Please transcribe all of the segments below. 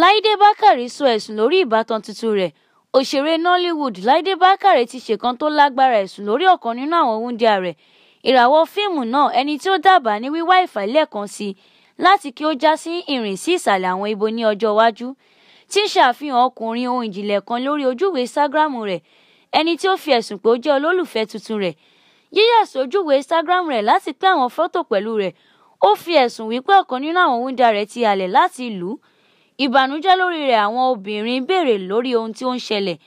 láìdé bákàrẹ sọ ẹ̀sùn lórí ìbátan tuntun rẹ̀ òṣèré nollywood láìdé bákàrẹ ti ṣèkan tó lágbára ẹ̀sùn lórí ọ̀kan nínú àwọn wúńdíá rẹ̀ ìràwọ̀ fíìmù náà ẹni tí ó dábàá ní wíwá ìfàlẹ́ kan sí i láti kí ó já sí ìrìn sí ìsàlẹ̀ àwọn ibo ní ọjọ́ iwájú tí ń ṣàfihàn ọkùnrin ohun ìjìnlẹ̀ kan lórí ojúwe instagram rẹ̀ ẹni tí ó fi ẹ̀sùn pé ó jẹ́ olólùfẹ́ tuntun rẹ̀ yíyà sójúwe instagram rẹ̀ láti pín àwọn fọ́tò pẹ̀lú rẹ̀ ó fi ẹ̀sùn wípé ọ̀kan nínú àwọn wúńdíá rẹ̀ ti halẹ̀ láti ìlú ìbànújẹ́ lórí rẹ̀ àwọn obìnrin béèrè lórí ohun tí ó ń ṣẹlẹ̀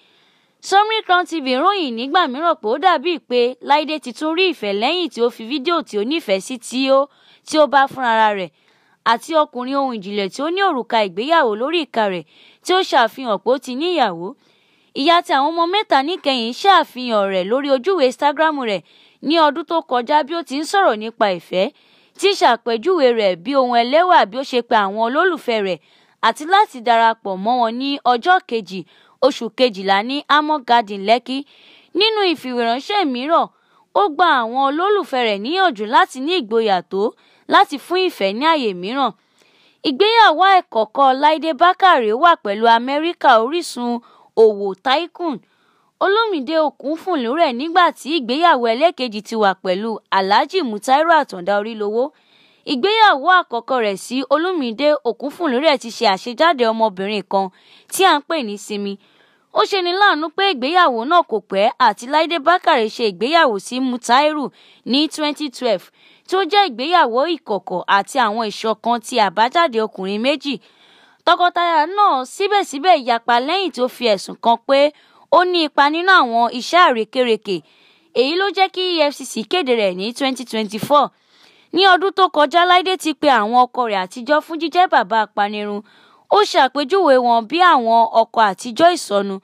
Sunny Crown TV ròyìn nígbà mìíràn pé ó dàbíi pé Láìdé ti tún rí ìfẹ́ lẹ́yìn tí ó fi fídíò tí ó nífẹ̀ẹ́ sí tí ó tí ó bá fúnra rẹ̀ àti ọkùnrin ohun ìjìnlẹ̀ tí ó ní òrùka ìgbéyàwó lórí ìka rẹ̀ tí ó ṣàfihàn pé ó ti ní ìyàwó ìyá tí àwọn ọmọ mẹ́ta níkẹyìn ṣàfihàn rẹ̀ lórí ojúwe Instagram rẹ̀ ní ọdún tó kọjá bí ó ti ń sọ̀rọ̀ nípa ìfẹ́ tí ṣàpèjúwe rẹ̀ bí ohun ẹlẹ́wà bí ó ṣe pe àwọn olólùfẹ́ rẹ̀ àti láti darapọ̀ mọ́ wọn ní ọjọ́ kejì oṣù kejìlá ní Amọ̀ Garden Lekki. Nínú ìfìwéránṣẹ́ mìíràn ó gba àwọn olólùfẹ́ rẹ̀ níyànjú láti ní ìgboyà tó láti fún ìfẹ́ ní àyè mìíràn. Ìgbéyàwó àìkọ́kọ́ Láídé Bákàrè wà pẹ̀lú Amẹ́ríkà orísun òwò tycoon Olúmídé Òkúnfùnlúrẹ̀ nígbà tí ìgbéyàwó ẹlẹ́kejì ti wà pẹ̀lú Alhaji Mutairu Àtàndá Orílowó. Ìgbéyàwó àkọ́kọ́ rẹ̀ sí Olúmídé Ògúnfúnlérè ti ṣe àṣejáde ọmọbìnrin kan tí à ń pè ní Simi. Ó ṣeni láàánú pé ìgbéyàwó náà kò pẹ́ àti Láídé Bákàrè ṣe ìgbéyàwó sí Mutairu ní 2012 tí ó jẹ́ ìgbéyàwó ìkọ̀kọ̀ àti àwọn ìṣọ̀kan ti àbájáde ọkùnrin méjì. Tọkọtaya náà síbẹ̀síbẹ̀ yapa lẹ́yìn tí ó fi ẹ̀sùn kan pé ó ní ipa nínú àwọn iṣẹ́ àrékérekè. Èyí ló jẹ́ kí EFCC kéde rẹ̀ ní 2024. Ní ọdún tó kọjá Láídé ti pe àwọn ọkọ rẹ̀ àtijọ́ fún jíjẹ́ bàbá apanirun. Ó ṣe àpèjúwe wọn bí àwọn ọkọ àtijọ́ ìsọnù.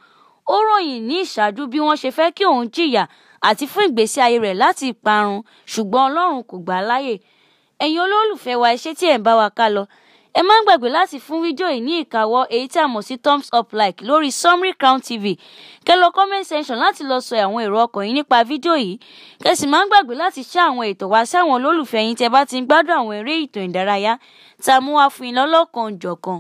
Ó ròyìn ní ìṣáájú bí wọ́n ṣe fẹ́ kí òun jìyà àti fún ìgbésí ayé rẹ̀ láti parun ṣùgbọ́n Ọlọ́run kò gbà á láyè. Ẹ̀yin olólùfẹ́ wa ẹ ṣé tí ẹ̀ ń bá wa ká lọ. Ẹ má gbàgbé láti fún fídíò yìí ní ìkàwọ́ èyí tí a mọ̀ sí thumbs up like lórí Summary Crown TV kẹ́ lọ comment section láti lọ sọ àwọn èrò ọkàn yín nípa fídíò yìí kẹ́ sì má gbàgbé láti ṣe àwọn ètò wá sí àwọn olólùfẹ́ yín tẹ́ bá ti ń gbádùn àwọn eré ìtàn ìdárayá tá a mú wá fún yín lọ́lọ́kan-ò-jọ̀kan.